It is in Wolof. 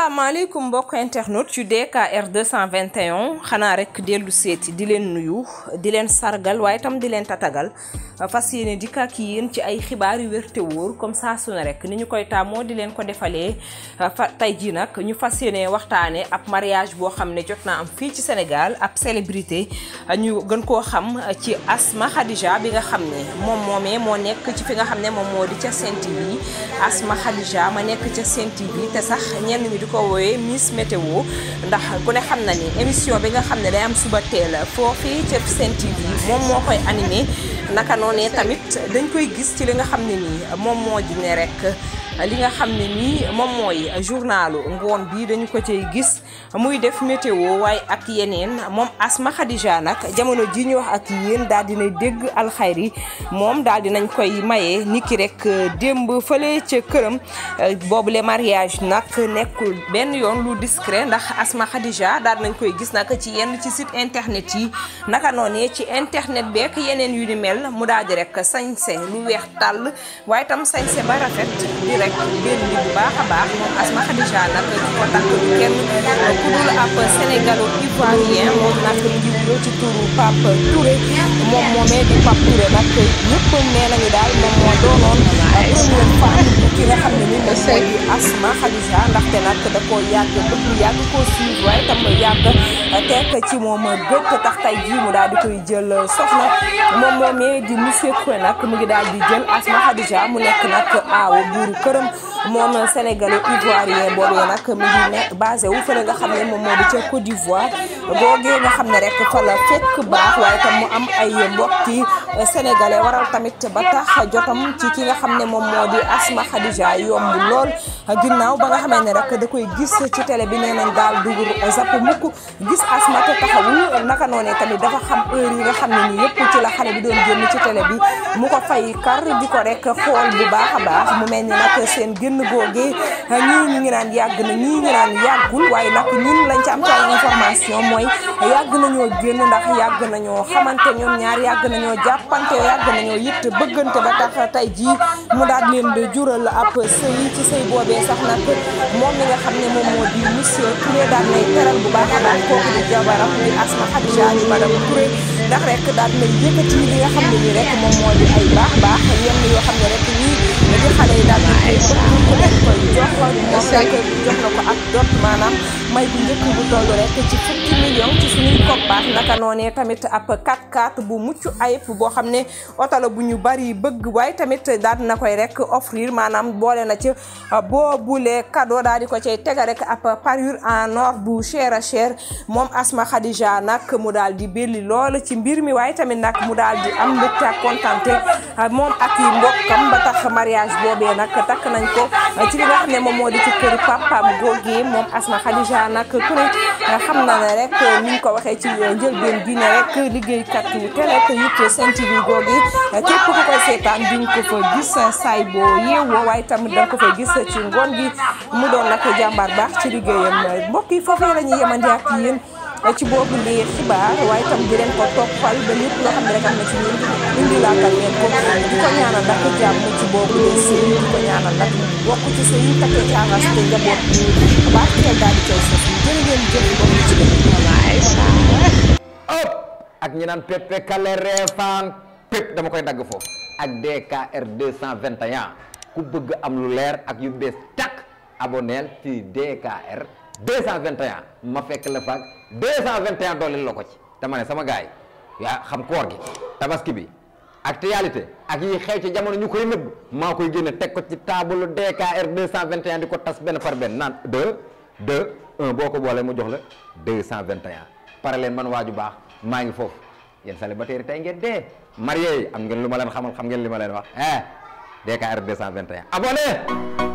asalaamaaleykum mbokk internet yu DKR 221 xanaa rek dellu seeti di leen nuyu di leen sargal waaye tam di leen tatagal fas yéene di kàkk yéen ci ay xibaar yu wér wóor comme saa su rek ni ñu koy tàmmoo di leen ko defalee fa tey jii nag ñu fas yéene waxtaanee ab mariage boo xam ne jot naa am fii ci Sénégal ab célébrité ñu gën koo xam ci Asma Khadija bi nga xam ne moom moomee moo nekk ci fi nga xam ne moom moo di ca Sen TV Asma Khadija ma nekk ca Sen TV ko woowee Miss Météo ndax ku ne xam na ni émission bi nga xam ne day am suba teel foofii ca Sen TV moom moo koy anime naka noonee tamit dañ koy gis ci li nga xam ne nii moom moo di ne rek. li nga xam ne nii moom mooy journalu ngoon bi dañu ko cay gis muy def météo waaye ak yeneen moom Asma Khadija nag jamono ji ñu wax ak yéen daal dinay dégg alxayri moom daal dinañ koy maye ni ki rek euh, démb fële ca këram euh, boobu mariage nag nekkul benn yoon lu discret ndax Asma Khadija daal dinañ koy gis nag ci yenn ci sit internet yi naka noonee ci internet beek yeneen yu ni mel mu daal di rek sañse lu weex tàll waaye tam sañse ba rafet di rek rek benn bu baax a baax moom Asma Khadija nag di ko takk bi kenn ku dul ab sénégalo ivoirien moom nag di wuyoo ci turu Pape Touré moom moomee di Pape Touré nag ñëpp nee nañu daal moom moo doonoon première femme ki nga xam ne ni moom mooy Asma Khadija ndaxte nag da yàgg bëgg yàgg koo suivre waaye tam yàgg tekk ci moom bët tax tey jii mu daal di koy jël soxna moom moomee di monsieur Koué nag mu ngi daal di jël Asma Khadija mu nekk nag aawa buuru këram moom sénégalais ivoirien boobee nag mu ngi ne basé wu fële nga xam ne moom moo di ca Côte d'Ivoire googee nga xam ne rek fa la fekk baax waaye tam mu am ay mbokki sénégalais waral tamit ba tax jotam ci ki nga xam ne moom moo di Asma Khadija yomb lool ginnaaw ba nga xamee ne rek da koy gis ci télé bi nee nañ daal dugub zapp mukk gis Asma te taxawul naka noonee tamit dafa xam heure nga xam ne nii yëpp ci la xale bi doon génn ci télé bi mu ko fay kar di ko rek xool bu baax a baax mu mel ni nag seen génn googee ñii ñu ngi naan yàgg na ñii ñu ngi naan yàggul waaye nag ñun lañ ci am ci ay relation mooy yàgg nañoo génn ndax yàgg nañoo xamante ñoom ñaar yàgg nañoo jàppante yàgg nañoo it bëggante ba tax tey jii mu daal leen di jural ab sëy ci sëy boobee sax nag moom mi nga xam ne moom moo di monsieur Touré daal nay teral bu baax a baax kooku di jabaram di Asma Khadija di madame Touré ndax rek daal nay yëkkati li nga xam ne nii rek moom moo di ay baax baax yenn yoo xam ne rek nii bi xale yi daal di koy moom ak dot maanaam may bu njëkk bu toll rek ci tamit ab bu mucc ayib boo xam ne oto ñu bari bëgg waaye tamit daal na koy rek offrir maanaam boole na ci boobule daal di ko cay tega bu cher moom Asma nag mu daal di belli lool ci mbir mi waaye tamit nag mu daal di am mbégte ak moom ak i mbokkam ba tax mariage mariage boobee nag takk nañ ko ci li nga xam ne moom moo di ci kër papam googee moom Asma Khadija nag ku ne xam na ne rek ni ñu ko waxee ci njëlbeen bi ne rek liggéeykat yu télé te it Sen TV googi képp ku koy seetaan di ko fa gis saay boo yeewoo waaye tamit da ko fa gis ci ngoon gi mu doon nag jàmbaar baax ci liggéeyam mbokk yi foofee la ñuy yemandi ak yéen ci boobu lii xibaar waaye xam ne rek am na ci ñun indi laatal leen ko jàmm ci boobu lii sëy di ko ñaanal ndax bokk ci sëy yi takkee ci aras te njaboot bi baax teel daal di koy sëf jërë ngeen jëf ak ñi naan pepe kale reefaan pép dama koy dagg foofu ak DKR 221 ku bëgg am lu leer ak yu bees takk aboneel ci DKR deux cent vingt et ma fekk la faag deux cent vingt et un dooleel la ko ci dama ne sama gaay yaa xam koor gi tabaski bi actualité ak yi xew ci jamono ñu koy nëbb maa koy génne teg ko ci taabalu DKR 221 di ko tas benn par benn naan 2 2 1 boo ko boolee mu jox la 221 pare leen man waaju baax maa ngi foofu yéen célibataire tey ngeen dee marié yi am lu ma leen xamal xam ngeen li ma leen wax eh DKR 221 abonné